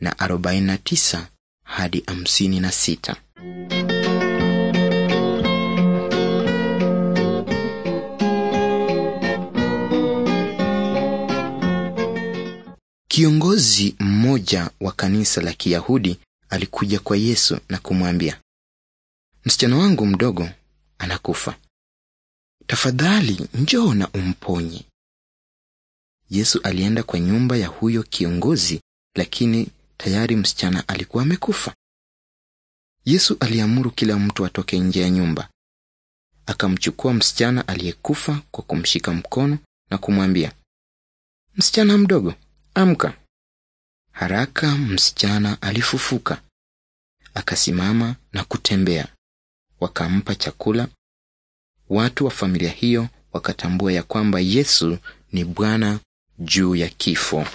na 49 hadi 56. Kiongozi mmoja wa kanisa la Kiyahudi alikuja kwa Yesu na kumwambia, msichana wangu mdogo anakufa, tafadhali njoo na umponye. Yesu alienda kwa nyumba ya huyo kiongozi, lakini tayari msichana alikuwa amekufa. Yesu aliamuru kila mtu atoke nje ya nyumba. Akamchukua msichana aliyekufa kwa kumshika mkono na kumwambia, msichana mdogo, amka. Haraka msichana alifufuka, akasimama na kutembea. Wakampa chakula. Watu wa familia hiyo wakatambua ya kwamba Yesu ni Bwana juu ya kifo.